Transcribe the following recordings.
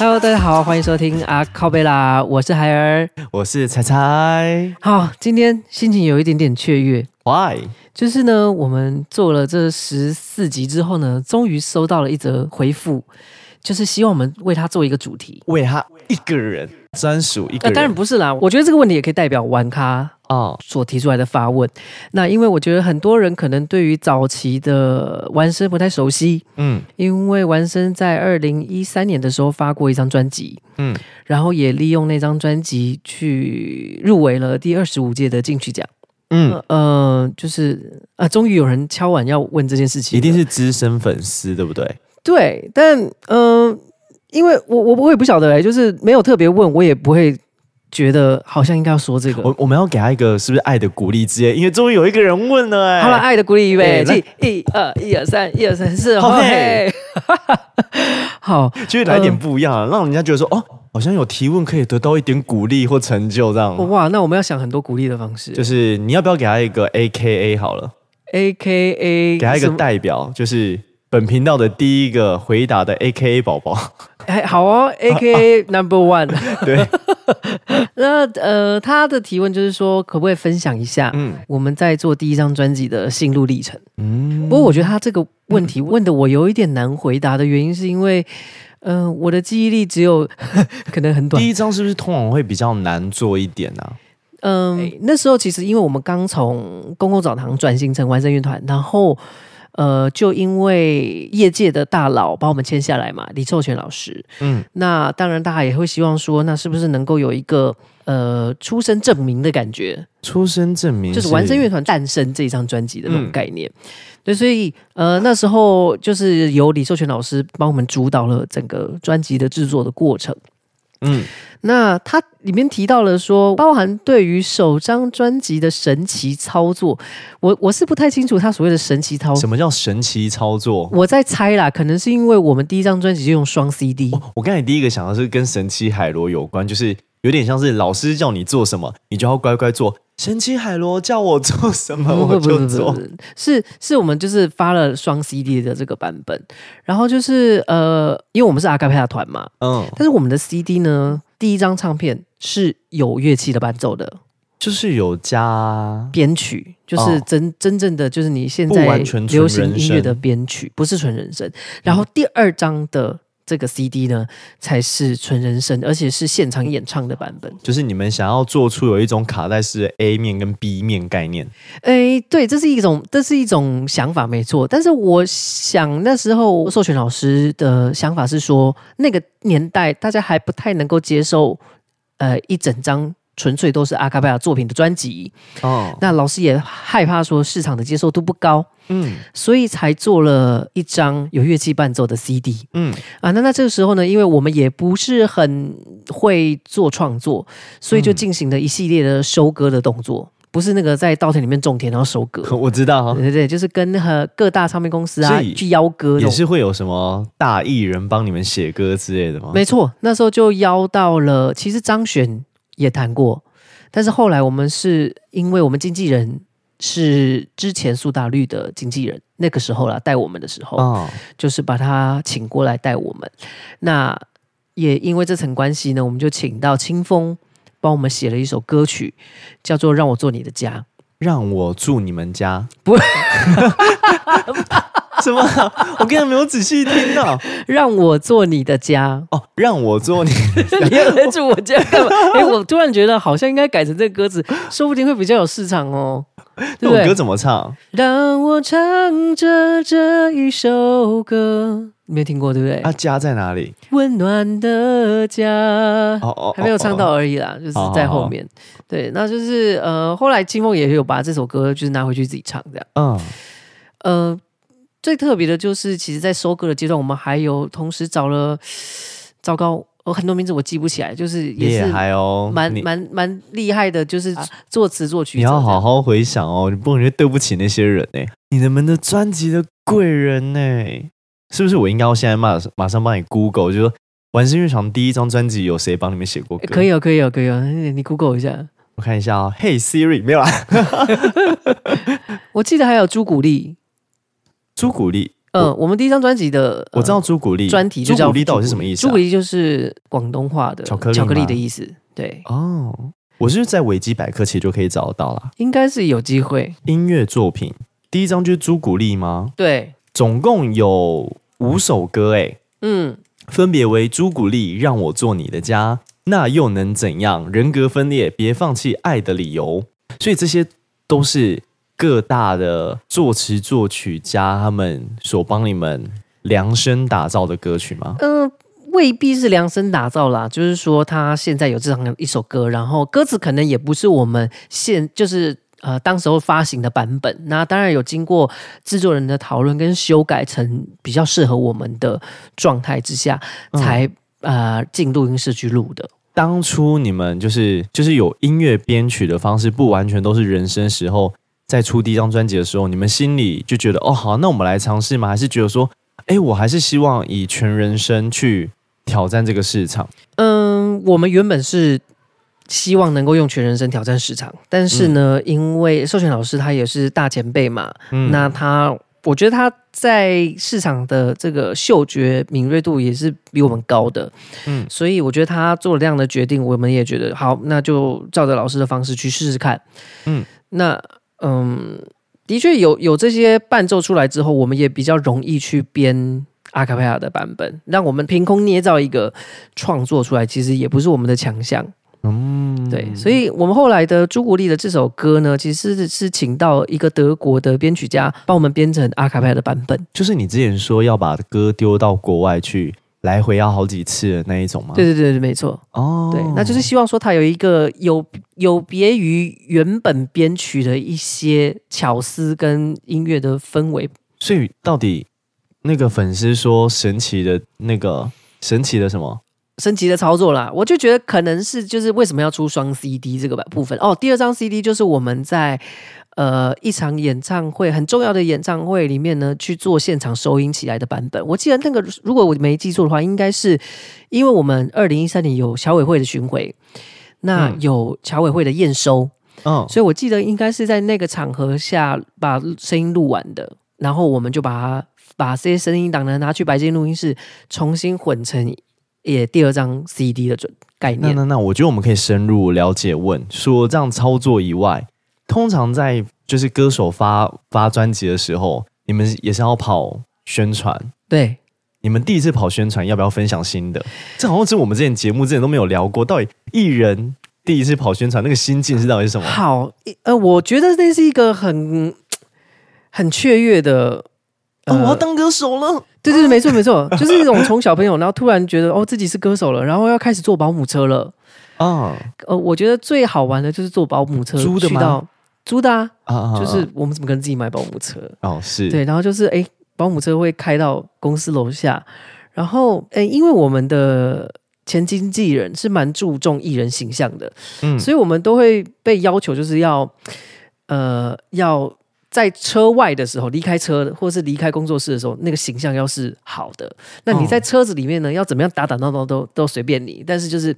Hello，大家好，歡迎收聽阿靠背啦，我是海爾，我是彩彩，好，今天心情有一點點雀躍，Why？就是呢，我們做了這十四集之後呢，終於收到了一則回復。就是希望我們為他做一個主題，為他一個人專屬一個人。人、欸、當然不是啦，我覺得這個問題也可以代表玩咖哦所提出來的發問。Oh. 那因為我覺得很多人可能對於早期的玩聲不太熟悉，嗯，因為玩聲在二零一三年的時候發過一張專輯，嗯，然後也利用那張專輯去入圍了第二十五屆的金曲獎，嗯呃，就是啊、呃，終於有人敲碗要問這件事情，一定是資深粉絲，對不對？對，但嗯、呃，因為我我我也不曉得哎、欸，就是沒有特別問，我也不會覺得好像應該要說這個。我我們要給他一個是不是愛的鼓勵之類，因為終於有一個人問了哎、欸。好了，愛的鼓勵預備、欸、起，一二一二三一二三四，好。嘿好，嘿 好，就是來一點不一樣、嗯，讓人家覺得說哦，好像有提問可以得到一點鼓勵或成就這樣。哇，那我們要想很多鼓勵的方式，就是你要不要給他一個 A K A 好了，A K A 給他一個代表，so, 就是。本頻道的第一個回答的 AKA 寶寶，哎，好哦，AKA number one。對， 那呃，他的提問就是說，可不可以分享一下，嗯，我們在做第一張專輯的心路歷程？嗯，不過我覺得他這個問題問的我有一點難回答的原因，是因為，嗯、呃，我的記憶力只有可能很短。第一張是不是通常會比較難做一點呢、啊？嗯，那時候其實因為我們剛從公共澡堂轉型成完成樂團，然後。呃，就因為業界的大佬，把我們簽下來嘛，李壽全老師，嗯，那當然大家也會希望說，那是不是能夠有一個呃出生證明的感覺？出生證明是就是《玩聲樂團誕生》這一張專輯的那種概念。嗯、對，所以呃那時候就是由李壽全老師幫我們主導了整個專輯的製作的過程。嗯，那他裡面提到了說，包含對於首張專輯的神奇操作，我我是不太清楚他所謂的神奇操作，什麼叫神奇操作？我在猜啦，可能是因為我們第一張專輯就用雙 CD。我剛才第一個想的是跟神奇海螺有關，就是有點像是老師叫你做什麼，你就要乖乖做。神奇海螺叫我做什麼我會、嗯、不會做，是是，我們就是發了雙 CD 的這個版本，然後就是呃，因為我們是阿卡貝拉團嘛，嗯，但是我們的 CD 呢，第一張唱片是有樂器的伴奏的，就是有加編曲，就是真、哦、真正的就是你現在流行音樂的編曲，不是純人聲、嗯，然後第二張的。這個 CD 呢，才是純人聲，而且是現場演唱的版本。就是你們想要做出有一種卡帶式 A 面跟 B 面概念。哎、欸，對，這是一種，這是一種想法，沒錯。但是我想那時候授權老師的想法是說，那個年代大家還不太能夠接受，呃，一整張。純粹都是阿卡貝拉作品的專輯哦。Oh. 那老師也害怕說市場的接受度不高，嗯，所以才做了一張有樂器伴奏的 CD，嗯啊。那那這個時候呢，因為我們也不是很會做創作，所以就進行了一系列的收割的動作、嗯，不是那個在稻田裡面種田然後收割。我知道、啊，對，對對，就是跟那個各大唱片公司啊去邀歌的，也是會有什麼大藝人幫你們寫歌之類的嗎？沒錯，那時候就邀到了，其實張懸。也談過，但是後來我們是因為我們經紀人是之前蘇打綠的經紀人，那個時候啦，帶我們的時候、哦，就是把他請過來帶我們。那也因為這層關係呢，我們就請到青峰幫我們寫了一首歌曲，叫做《讓我做你的家》，讓我住你們家。不。 什麼、啊？我剛才沒有仔細聽到 讓、 哦，讓我做你的家哦，讓我做你，你要來住我家幹嘛、 欸？我突然覺得好像應該改成這個歌詞，說不定會比較有市場哦。 對，那我歌怎麼唱？讓我唱着這一首歌。沒有聽過對不對？他，啊，家在哪裡？溫暖的家哦，哦，哦還沒有唱到而已啦，哦、就是在後面。哦、對、哦對哦，那就是呃，後來金鳳也有把這首歌就是拿回去自己唱這樣。嗯，呃，最特別的就是，其實，在收歌的階段，我們還有同時找了，糟糕，我，呃、很多名字我記不起來，就是也是還哦，蠻蠻蠻厲害的，就是作詞作曲、啊。你要好好回想哦，你不能覺得對不起那些人哎，欸，你們的專輯的貴人哎，欸。是不是我應該要現在馬上馬上幫你 Google？就是說《玩聲樂團》第一張專輯有誰幫你們寫過歌？可以哦，可以哦，可以哦。你 Google 一下，我看一下啊、哦。嘿、hey、Siri，沒有啦。 我記得還有朱古力，朱古力。嗯，我，嗯我們第一張專輯的我知道朱古力，專、呃、題朱古力到底是什麼意思、啊？朱古力就是廣東話的巧克力巧克力的意思。對，哦，我是在維基百科其實就可以找得到啦？應該是有機會。音樂作品第一張就是朱古力嗎？對。總共有五首歌，哎，嗯，分別為《朱古力》、《讓我做你的家》、《那又能怎樣》、《人格分裂》、《別放棄愛的理由》。所以這些都是各大的作詞作曲家他們所幫你們量身打造的歌曲嗎？嗯，未必是量身打造啦。就是說他現在有這樣一首歌，然後歌詞可能也不是我們現就是。呃，當時候發行的版本，那當然有經過製作人的討論跟修改，成比較適合我們的狀態之下，才、嗯、呃進錄音室去錄的。當初你們就是就是有音樂編曲的方式，不完全都是人聲時候，在出第一張專輯的時候，你們心裡就覺得哦好、啊，那我們來嘗試嗎？還是覺得說，哎、欸，我還是希望以全人聲去挑戰這個市場。嗯，我們原本是。希望能夠用全人聲挑戰市場，但是呢，嗯、因為授權老師他也是大前輩嘛、嗯，那他我覺得他在市場的這個嗅覺敏銳度也是比我們高的，嗯，所以我覺得他做了這樣的決定，我們也覺得好，那就照着老師的方式去試試看，嗯，那嗯，的確有有這些伴奏出來之後，我們也比較容易去編阿卡貝拉的版本，讓我們憑空捏造一個創作出來，其實也不是我們的強項。嗯，對，所以我們後來的朱古力的這首歌呢，其實是，是請到一個德國的編曲家幫我們編成阿卡貝拉的版本。就是你之前說要把歌丟到國外去，來回要好幾次的那一種嗎？對對對，對，沒錯。哦、oh，對，那就是希望說它有一個有有別於原本編曲的一些巧思跟音樂的氛圍。所以到底那個粉絲說神奇的那個神奇的什麼？升級的操作啦，我就覺得可能是就是為什麼要出雙 CD 這個版部分哦。第二張 CD 就是我們在呃一場演唱會很重要的演唱會裡面呢去做現場收音起來的版本。我記得那個如果我沒記錯的話，應該是因為我們二零一三年有僑委會的巡迴，那有僑委會的驗收，嗯，所以我記得應該是在那個場合下把聲音錄完的，嗯，然後我們就把它把這些聲音檔呢拿去白金錄音室重新混成。也第二張 CD 的準概念。那那那，我覺得我們可以深入了解問。除了這樣操作以外，通常在就是歌手發發專輯的時候，你們也是要跑宣傳。對，你們第一次跑宣傳，要不要分享新的？ 這好像是我們之前節目之前都沒有聊過。到底藝人第一次跑宣傳那個心境是到底是什麼、嗯？好，呃，我覺得那是一個很很雀躍的。哦、呃，我要當歌手了。對對，對，沒錯沒錯，嗯，就是那種從小朋友，然後突然覺得 哦自己是歌手了，然後要開始坐保姆車了啊，哦。呃，我覺得最好玩的就是坐保姆車，租的嗎？租的啊，啊就是我們怎麼可能自己買保姆車哦，是對，然後就是誒，欸，保姆車會開到公司樓下，然後誒，欸，因為我們的前經紀人是蠻注重藝人形象的，嗯，所以我們都會被要求就是要呃要。在車外的時候，離開車或是離開工作室的時候，那個形象要是好的。那你在車子裡面呢？要怎麼樣打打鬧鬧都都隨便你。但是就是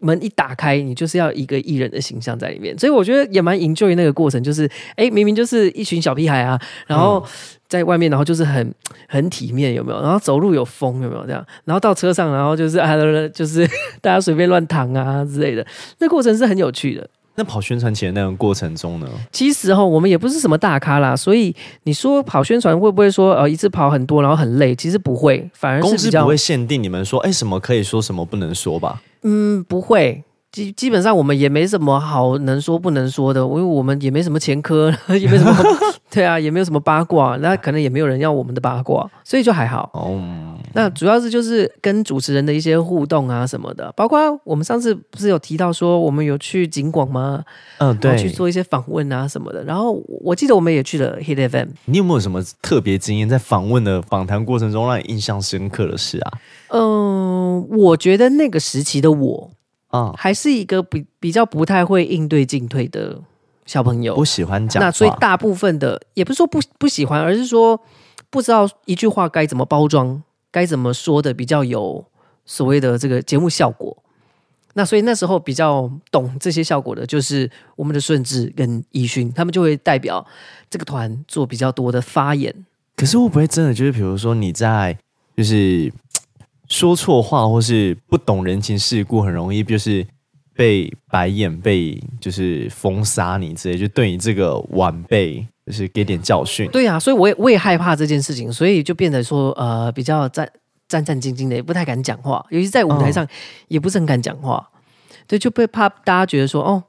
門一打開，你就是要一個藝人的形象在裡面。所以我覺得也蠻 enjoy 那個過程，就是欸，明明就是一群小屁孩啊，然後在外面，然後就是很很體面，有沒有？然後走路有風，有沒有？這樣。然後到車上，然後就是啊，就是大家隨便亂躺啊之類的。那過程是很有趣的。那跑宣傳前那個過程中呢？其實哈，我們也不是什麼大咖啦，所以你說跑宣傳會不會說呃一次跑很多然後很累？其實不會，反而是比較，公司不會限定你們說哎、欸、什麼可以說什麼不能說吧？嗯，不會。基基本上我們也沒什麼好能說不能說的，因為我們也沒什麼前科，也沒什麼 對啊，也沒有什麼八卦，那可能也沒有人要我們的八卦，所以就還好。哦、oh.，那主要是就是跟主持人的一些互動啊什麼的，包括我們上次不是有提到說我們有去警廣嗎？嗯，對，去做一些訪問啊什麼的。然後我記得我們也去了 Hit FM，你有沒有什麼特別經驗在訪問的訪談過程中讓你印象深刻的事啊？嗯、呃，我覺得那個時期的我。嗯、還是一個比比較不太會應對進退的小朋友，不喜歡講，那所以大部分的也不是說不不喜歡，而是說不知道一句話該怎麼包裝，該怎麼說的比較有所謂的這個節目效果。那所以那時候比較懂這些效果的，就是我們的順治跟奕迅，他們就會代表這個團做比較多的發言、嗯。可是我不會真的，就是比如說你在就是。說錯話或是不懂人情世故，很容易就是被白眼、被就是封殺你之類，就對你這個晚輩就是給點教訓。對啊，所以我也我也害怕這件事情，所以就變得說呃比較戰戰戰兢兢的，也不太敢講話，尤其在舞台上也不是很敢講話，哦、對，就被怕大家覺得說哦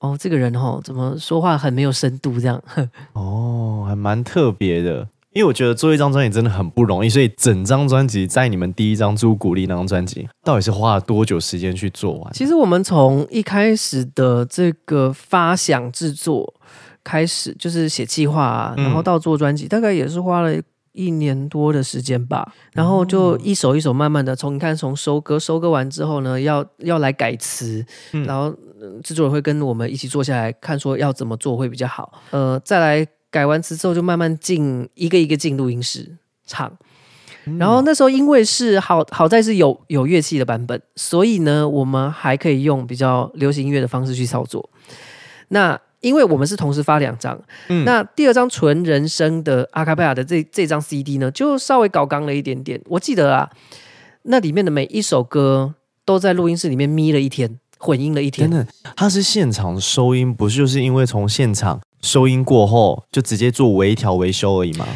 哦這個人哦，怎麼說話很沒有深度這樣。呵哦，還蠻特別的。因為我覺得做一張專輯真的很不容易，所以整張專輯在你們第一張朱古力那張專輯，到底是花了多久時間去做完？其實我們從一開始的這個發想制作開始，就是寫計劃啊，啊、嗯，然後到做專輯，大概也是花了一年多的時間吧。嗯、然後就一首一首慢慢的從你看從收割收割完之後呢，要要來改詞、嗯，然後制作人會跟我們一起坐下來看，說要怎麼做會比較好。呃，再來。改完詞之後，就慢慢進一個一個進錄音室唱。然後那時候因為是好好在是有有樂器的版本，所以呢，我們還可以用比較流行音樂的方式去操作。那因為我們是同時發兩張，嗯，那第二張純人聲的阿卡貝拉的這這張 CD 呢，就稍微搞剛了一點點。我記得啊，那裡面的每一首歌都在錄音室裡面眯了一天，混音了一天。等等，它是現場收音，不是就是因為從現場？收音過後就直接做微調微修而已嗎？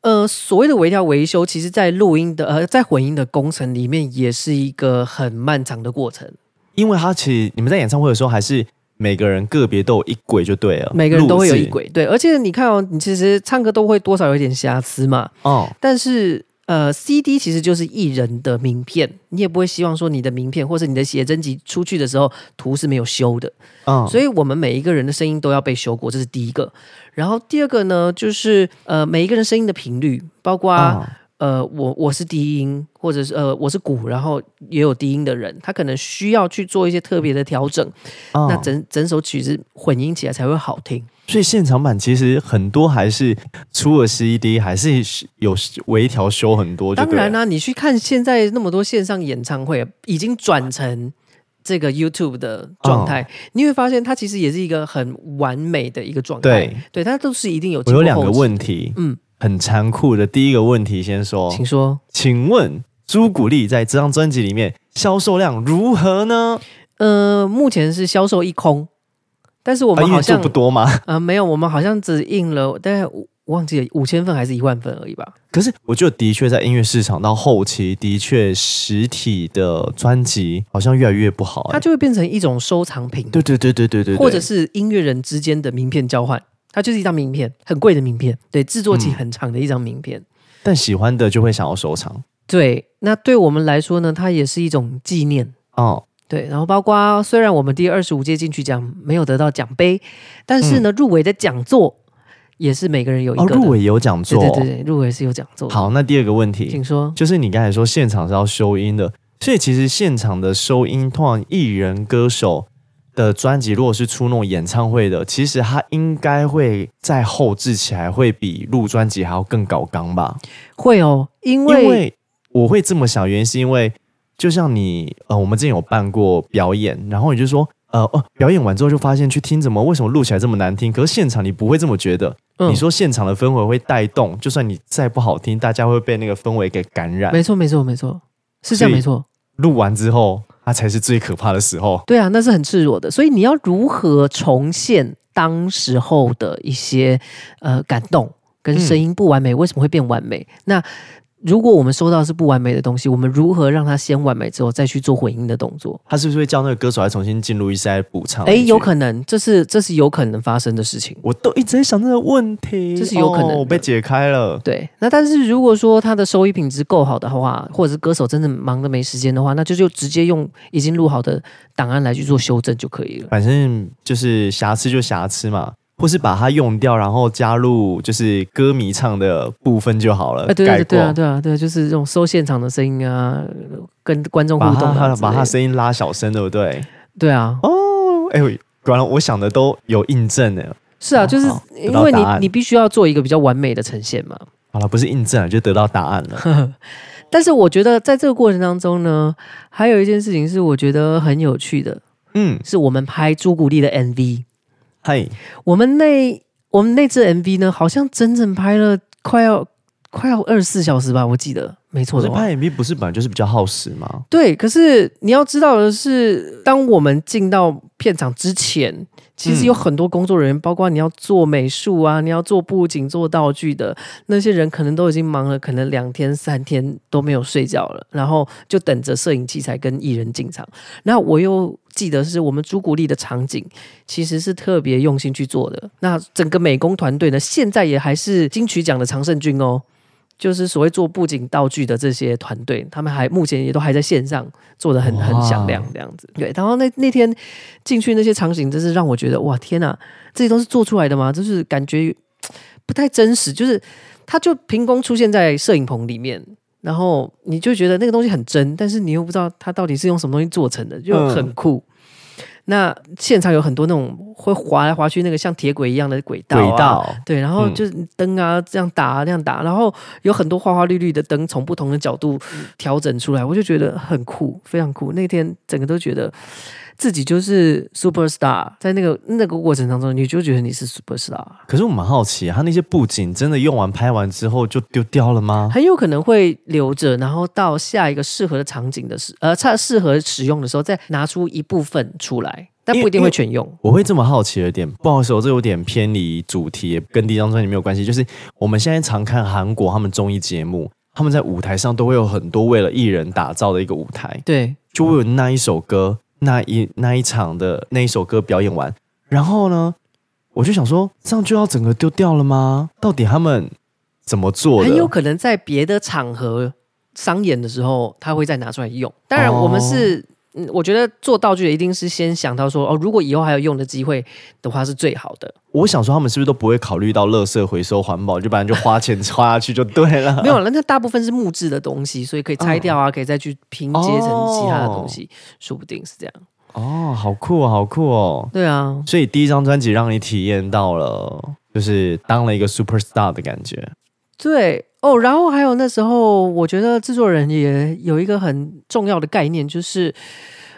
呃，所謂的微調微修，其實，在錄音的呃，在混音的工程裡面，也是一個很漫長的過程。因為他其實你們在演唱會的時候，還是每個人個別都有一軌就對了，每個人都會有一軌，對。而且你看喔，你其實唱歌都會多少有點瑕疵嘛，哦，但是。呃，CD 其實就是藝人的名片，你也不會希望說你的名片或是你的寫真集出去的時候圖是沒有修的，oh. 所以我們每一個人的聲音都要被修過，這是第一個。然後第二個呢，就是呃，每一個人聲音的頻率，包括，oh.。呃，我我是低音，或者是呃，我是鼓，然後也有低音的人，他可能需要去做一些特別的調整，哦、那整整首曲子混音起來才會好聽。所以現場版其實很多還是出了 CD，嗯、還是有微調修很多。當然啦、啊，你去看現在那麼多線上演唱會，已經轉成這個 YouTube 的狀態，哦、你會發現它其實也是一個很完美的一個狀態。對，對，它都是一定有的。我有兩個問題，嗯。很殘酷的第一個問題，先說，請說。請問朱古力在這張專輯裡面銷售量如何呢？呃，目前是銷售一空，但是我們好像、啊、音樂不多嗎？啊、呃，沒有，我們好像只印了大概五我忘記了五千份還是一萬份而已吧。可是，我覺得的確在音樂市場到後期，的確實體的專輯好像越來越不好、欸，它就會變成一種收藏品。對對對對對對，對，對，對，對，對，或者是音樂人之間的名片交換。它就是一張名片，很貴的名片，對，製作期很長的一張名片，嗯。但喜歡的就會想要收藏。對，那對我們來說呢，它也是一種紀念哦。對，然後包括雖然我們第二十五屆金曲獎沒有得到獎盃，但是呢，嗯、入圍的獎座也是每個人有一個，哦、入圍有獎座，對對對，入圍是有獎座。好，那第二個問題，請說，就是你剛才說現場是要收音的，所以其實現場的收音，通常藝人歌手。的專輯如果是出那種演唱會的，其實它應該會再後製起來，會比錄專輯還要更搞剛吧？會哦，因為因為我會這麼想，原因是因為就像你呃，我們之前有辦過表演，然後你就說呃哦、呃，表演完之後就發現去聽怎麼為什麼錄起來這麼難聽？可是現場你不會這麼覺得。嗯、你說現場的氛圍會帶動，就算你再不好聽，大家會被那個氛圍給感染。沒錯沒錯沒錯，是這樣沒錯。錄完之後。那才是最可怕的時候。對啊，那是很脆弱的。所以你要如何重現當時候的一些呃感動跟聲音不完美、嗯？為什麼會變完美？那。如果我們收到的是不完美的東西，我們如何讓它先完美之後再去做混音的動作？他是不是會叫那個歌手來重新進入一些補唱？哎，有可能，這是這是有可能發生的事情。我都一直在想這個問題，這是有可能。哦，我被解開了。對，那但是如果說他的收益品質夠好的話，或者是歌手真的忙得沒時間的話，那就就直接用已經錄好的檔案來去做修正就可以了。反正就是瑕疵就瑕疵嘛。或是把它用掉，然後加入就是歌迷唱的部分就好了。哎、啊，對對，對，對，對對啊，對啊，對，就是這種收現場的聲音啊，跟觀眾互動，把他聲音拉小聲，對不對？對啊，哦，哎，果然我想的都有印證呢。是啊，就是因為你你必須要做一個比較完美的呈現嘛。好、啊、了，不是印證了，就得到答案了。 但是我覺得在這個過程當中呢，還有一件事情是我覺得很有趣的，嗯，是我們拍朱古力的 MV。嗨，我們那我們那支 MV 呢，好像整整拍了快要快要二十四小時吧，我記得沒錯。其實拍 MV 不是本來就是比較耗時嗎？對，可是你要知道的是，當我們進到片場之前。其實有很多工作人員，嗯，包括你要做美術啊，你要做布景、做道具的那些人，可能都已經忙了，可能兩天三天都沒有睡覺了，然後就等着攝影器材跟藝人進場。那我又記得是我們朱古力的場景，其實是特別用心去做的。那整個美工團隊呢，現在也還是金曲獎的常勝軍哦。就是所謂做布景道具的這些團隊，他們還目前也都還在線上做的很很響亮這樣子。對，然後那那天進去那些場景，真是讓我覺得哇天哪，這些都是做出來的嗎？就是感覺不太真實，就是它就憑空出現在攝影棚裡面，然後你就覺得那個東西很真，但是你又不知道它到底是用什麼東西做成的，就很酷。嗯那現場有很多那種會滑來滑去那個像鐵軌一樣的軌道，啊，軌道對，然後就是燈啊這樣打啊那樣打，嗯，然後有很多花花綠綠的燈從不同的角度調整出來，嗯，我就覺得很酷，非常酷。那天整個都覺得。自己就是 super star，在那個那個過程當中，你就覺得你是 super star。可是我蠻好奇，他那些布景真的用完拍完之後就丟掉了嗎？很有可能會留着，然後到下一個適合的場景的時呃，差，適合使用的時候再拿出一部分出來，但不一定會全用。我會這麼好奇的一點、嗯，不好意思，我這有點偏離主題，跟第一張專輯沒有關係。就是我們現在常看韓國他們綜藝節目，他們在舞台上都會有很多為了藝人打造的一個舞台，對，就會有那一首歌。嗯那一、那一場的那一首歌表演完，然後呢，我就想說，這樣就要整個丟掉了嗎？到底他們怎麼做？很有可能在別的場合商演的時候，他會再拿出來用。當然，我們是。Oh. 嗯，我覺得做道具的一定是先想到說，哦，如果以後還有用的機會的話，是最好的。我想說，他們是不是都不會考慮到垃圾回收環保，就反正就花錢花下去就對了。 沒有，那它大部分是木質的東西，所以可以拆掉啊，嗯、可以再去拼接成其他的東西，說、哦、不定是這樣。哦，好酷啊、哦，好酷哦。對啊，所以第一張專輯讓你體驗到了，就是當了一個 super star 的感覺。對。哦，然後還有那時候，我覺得製作人也有一個很重要的概念，就是，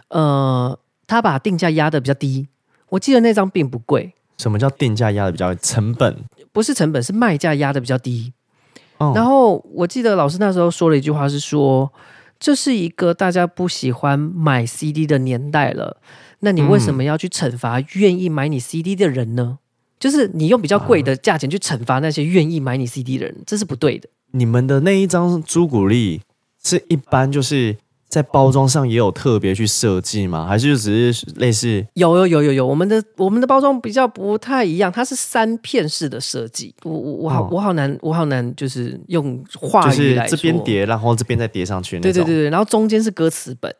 呃，他把定價壓得比較低。我記得那張並不貴。什麼叫定價壓得比較？成本，不是成本，是賣價壓得比較低。哦。然後我記得老師那時候說了一句話，是說這是一個大家不喜歡買 CD 的年代了。那你為什麼要去懲罰願意買你 CD 的人呢？嗯。就是你用比較貴的價錢去懲罰那些願意買你 CD 的人，這是不對的。你們的那一張朱古力是一般，就是在包裝上也有特別去設計嗎？還是就只是類似？有有有有有，我們的我們的包裝比較不太一樣，它是三片式的設計。我我我好我好難我好難，好難就是用畫。就是這邊疊，然後這邊再疊上去那種。對對對對，然後中間是歌詞本，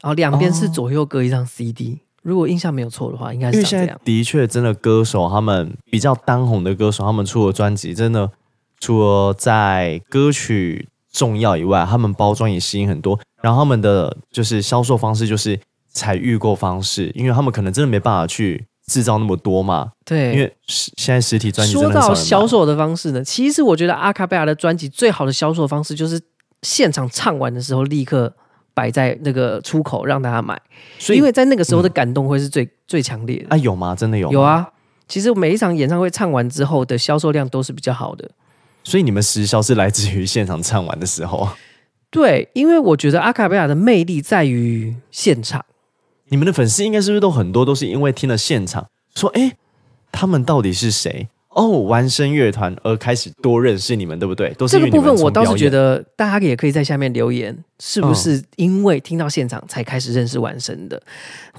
然後兩邊是左右各一張 CD。哦。如果印象沒有錯的話，應該是這樣。現在的確，真的歌手他們比較當紅的歌手，他們出的專輯真的。除了在歌曲重要以外，他們包裝也吸引很多。然後他們的就是銷售方式就是採預購方式，因為他們可能真的沒辦法去製造那麼多嘛。對，因為實現在實體專輯真的很少人買。說到銷售的方式呢，其實我覺得阿卡貝拉的專輯最好的銷售方式就是現場唱完的時候立刻擺在那個出口讓大家買，所以因為在那個時候的感動會是最、嗯、最強烈的啊？有嗎？真的有嗎？有啊！其實每一場演唱會唱完之後的銷售量都是比較好的。所以你們實銷是來自於現場唱完的時候。對，因為我覺得阿卡貝拉的魅力在於現場。你們的粉絲應該是不是都很多，都是因為聽了現場，說哎，他們到底是誰？哦，玩聲樂團而開始多認識你們，對不對？這個部分我倒是覺得，大家也可以在下面留言，是不是因為聽到現場才開始認識玩聲的，嗯、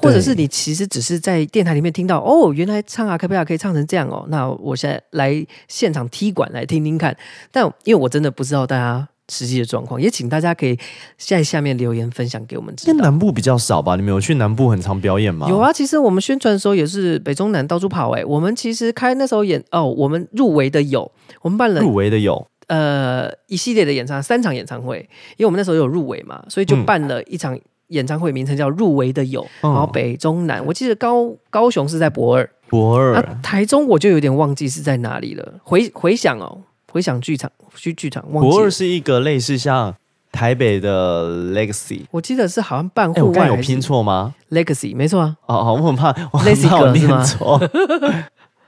或者是你其實只是在電台裡面聽到，哦，原來唱啊，可不可以，啊、可以唱成這樣哦，那我現在來現場踢館來聽聽看。但因為我真的不知道大家。實際的狀況，也請大家可以在下面留言分享給我們知道。因為南部比較少吧？你們有去南部很常表演嗎？有啊，其實我們宣傳的時候也是北中南到處跑哎、欸。我們其實開那時候演哦，我們入圍的有，我們辦了入圍的有，呃，一系列的演唱，三場演唱會，因為我們那時候有入圍嘛，所以就辦了一場演唱會，名稱叫入圍的有、嗯，然後北中南。我記得高高雄是在駁二，駁二，台中我就有點忘記是在哪裡了，回回想哦。回想劇場去劇場，博二是一個類似像台北的 Legacy，我記得是好像辦戶外，我剛有拼錯嗎？Legacy 沒錯啊，哦哦，我很怕 Legacy 拼錯，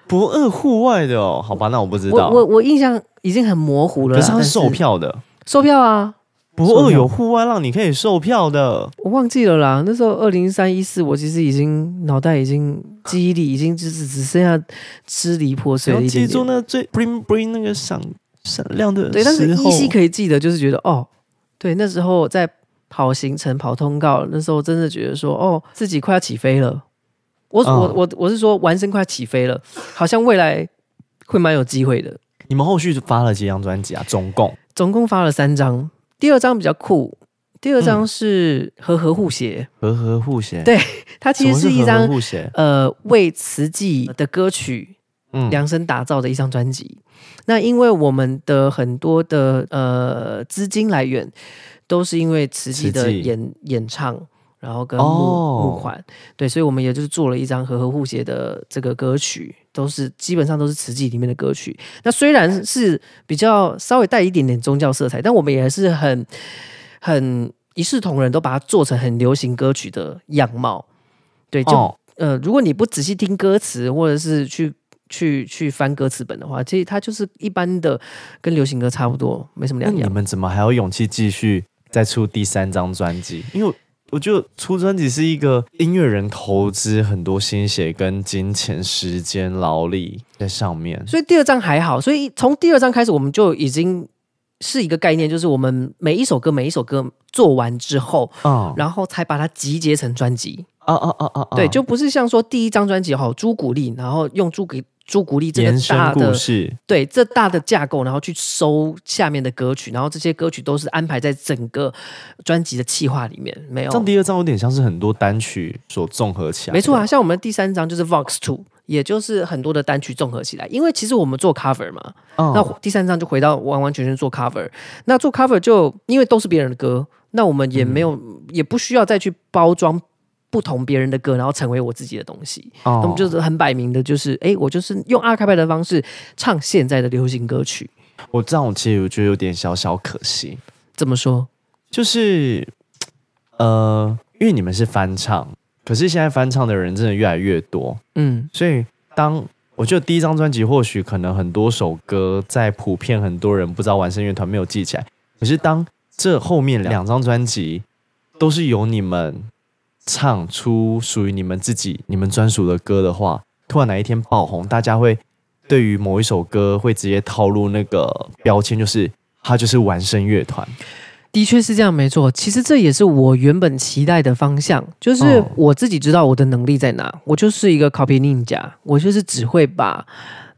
博二戶外的哦，好吧，那我不知道，我我，我印象已經很模糊了，可是它是售票的售票啊。不二有戶外讓你可以售票的，我忘記了啦。那時候二零一三一四，我其實已經腦袋已經記憶力已經就是只剩下支離破碎點點。然後最那最 bling bling 那個閃閃亮的，對，但是依稀可以記得，就是覺得哦，對，那時候在跑行程跑通告，那時候真的覺得說哦，自己快要起飛了。我、嗯、我我我是說玩聲快要起飛了，好像未來會蠻有機會的。你們後續是發了幾張專輯啊？總共總共發了三張。第二張比較酷。第二張是和和護鞋、和和護鞋，對，它其實是一張呃為慈濟的歌曲、嗯、量身打造的一張專輯。那因為我們的很多的呃資金來源都是因為慈濟的演演唱。然後跟木木、oh. 款，對，所以我們也就是做了一張和和護寫的這個歌曲，都是基本上都是詞集裡面的歌曲。那雖然是比較稍微帶一點點宗教色彩，但我們也還是很很一視同仁，都把它做成很流行歌曲的樣貌。對，就、oh. 呃，如果你不仔細聽歌詞，或者是去去去翻歌詞本的話，其實它就是一般的跟流行歌差不多，沒什麼兩樣。你們怎麼還有勇氣繼續再出第三張專輯？因為我覺得出專輯是一個音樂人投資很多心血，跟金錢、時間、勞力在上面，所以第二張還好。所以從第二張開始，我們就已經是一個概念，就是我們每一首歌，每一首歌做完之後，哦、嗯，然後才把它集結成專輯。哦哦哦哦，哦，對，就不是像說第一張專輯哈，朱古力，然後用朱古力。朱古力這個大的人生故事，對，這大的架構，然後去搜下面的歌曲，然後這些歌曲都是安排在整個專輯的企劃裡面。沒有，像第二張有點像是很多單曲所綜合起來，沒錯啊。像我們第三張就是 Vox Two，也就是很多的單曲綜合起來。因為其實我們做 Cover 嘛，哦、那第三張就回到完完全全做 Cover。那做 Cover 就因為都是別人的歌，那我們也沒有、嗯、也不需要再去包裝。不同別人的歌，然後成為我自己的東西，哦、那麼就是很擺明的，就是哎，我就是用阿卡貝的方式唱現在的流行歌曲。我這樣我其實我覺得有點小小可惜。怎麼說？就是呃，因為你們是翻唱，可是現在翻唱的人真的越來越多。嗯，所以當我覺得第一張專輯或許可能很多首歌在普遍很多人不知道玩聲樂團沒有記起來，可是當這後面兩,兩張專輯都是由你們。唱出屬於你們自己，你們專屬的歌的話，突然哪一天爆紅，大家會對於某一首歌會直接套入那個標籤，就是它就是玩聲樂團。的確是這樣，沒錯。其實這也是我原本期待的方向，就是我自己知道我的能力在哪，哦、我就是一個 copy ninja，我就是只會把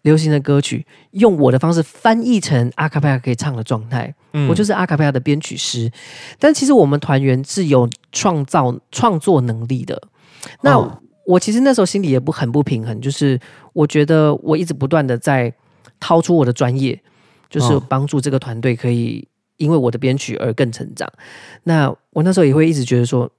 流行的歌曲，用我的方式翻譯成阿卡貝拉可以唱的狀態，嗯，我就是阿卡貝拉的編曲師。但其實我們團員是有創造創作能力的。嗯、那我，我其實那時候心裡也不很不平衡，就是我覺得我一直不斷的在掏出我的專業，就是幫助這個團隊可以因為我的編曲而更成長，嗯。那我那時候也會一直覺得說，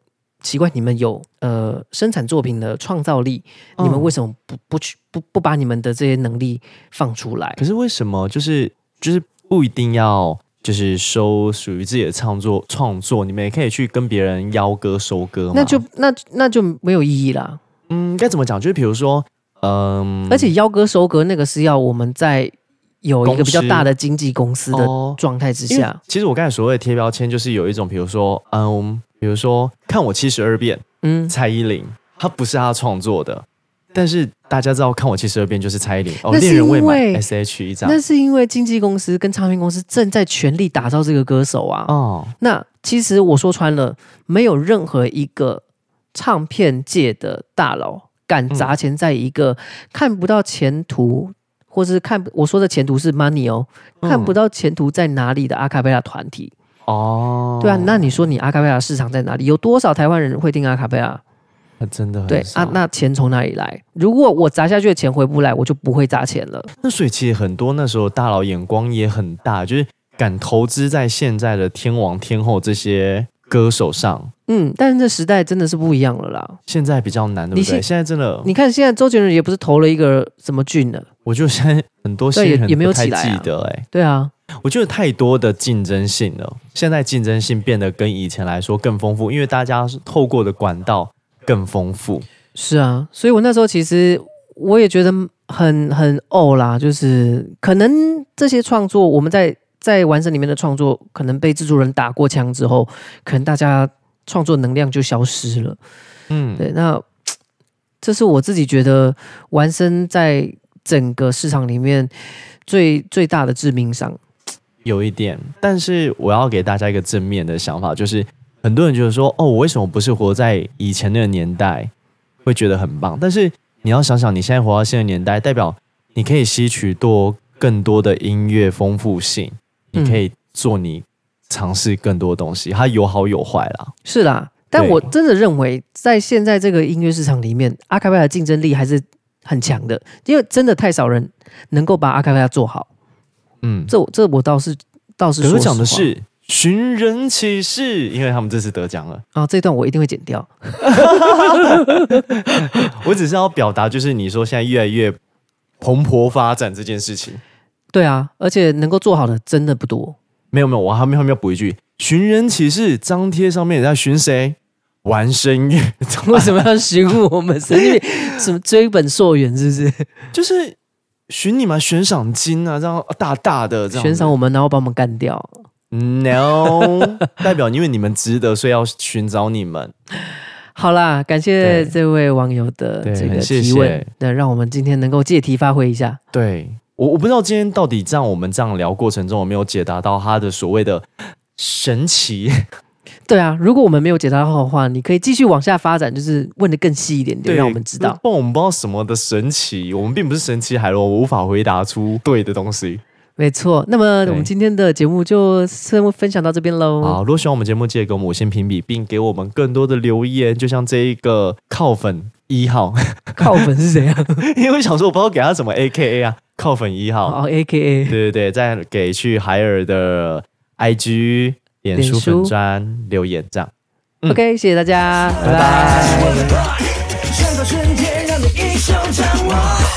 奇怪，你們有呃生產作品的創造力、嗯，你們為什麼不不去不不把你們的這些能力放出來？可是為什麼就是就是不一定要就是收屬於自己的創作創作？你們也可以去跟別人邀歌、收歌。那就那那就沒有意義啦。嗯，該怎麼講？就是比如說，嗯，而且邀歌收歌那個是要我們在有一個比較大的經紀公司的狀態之下、哦。其實我剛才所謂的貼標籤，就是有一種比如說，嗯。比如說，看我七十二變，嗯，蔡依林，她不是她創作的，但是大家知道，看我七十二變就是蔡依林哦。那是因為、哦、戀人未滿 S H 一張，那是因為經紀公司跟唱片公司正在全力打造這個歌手啊。哦，那其實我說穿了，沒有任何一個唱片界的大佬敢砸錢在一個、嗯、看不到前途，或是看我說的前途是 money 哦、嗯，看不到前途在哪裡的阿卡貝拉團體。哦、oh，對啊，那你說你阿卡貝拉市場在哪裡？有多少台灣人會訂阿卡貝拉，啊？真的很對啊，那錢從哪裡來？如果我砸下去的錢回不來，我就不會砸錢了。那所以其實很多那時候大佬眼光也很大，就是敢投資在現在的天王天後這些歌手上。嗯，但是這時代真的是不一樣了啦，現在比較難，對不對？現在真的，你看現在周杰倫也不是投了一個什麼劇呢？我就現在很多戲也也沒有、啊、太記得、欸，哎，對啊。我覺得太多的競爭性了。現在競爭性變得跟以前來說更豐富，因為大家透過的管道更豐富。是啊，所以我那時候其實我也覺得很很 o 啦，就是可能這些創作，我們在在玩聲裡面的創作，可能被制作人打過槍之後，可能大家創作能量就消失了。嗯，對。那這是我自己覺得玩聲在整個市場裡面最最大的致命傷。有一點，但是我要給大家一個正面的想法，就是很多人覺得說，哦，我為什麼不是活在以前那個年代，會覺得很棒？但是你要想想，你現在活到現在的年代，代表你可以吸取多更多的音樂豐富性，你可以做你嘗試更多東西，嗯。它有好有壞啦，是啦。但我真的認為，在現在這個音樂市場裡面，阿卡貝拉的競爭力還是很強的，因為真的太少人能夠把阿卡貝拉做好。嗯，這我這我倒是倒是得獎的是尋人啟事，因為他們這次得獎了啊、哦。這一段我一定會剪掉， 我只是要表達就是你說現在越來越蓬勃發展這件事情，對啊，而且能夠做好的真的不多。沒有沒有，我後面後面要補一句尋人啟事張貼上面在尋誰？玩聲樂為什麼要尋我們聲樂？什麼追本溯源是不是？就是。尋你們懸賞金啊，這樣大大的這樣的。懸賞我們，然後把我們幹掉？No， 代表因為你們值得，所以要尋找你們。好啦，感謝這位網友的這個提問，對，對，謝謝。那讓我們今天能夠借題發揮一下。對，我我不知道今天到底在我們這樣聊過程中有沒有解答到他的所謂的神奇。對啊，如果我們沒有解答到好的話，你可以繼續往下發展，就是問得更細一點點，讓我們知道。不，我們不知道什麼的神奇，我們並不是神奇海螺，我無法回答出對的東西。沒錯。那麼我們今天的節目就先分享到這邊嘍。好，如果喜歡我們節目，記得給我們五星評比，並給我們更多的留言。就像這一個靠粉一號， 靠粉是誰啊？ 因為想說我不知道給他什麼 A K A 啊，靠粉一號哦 A K A。對對對，再給去海爾的 I G。臉書粉專留言這樣、嗯、，OK，謝謝大家，拜拜。Bye bye 我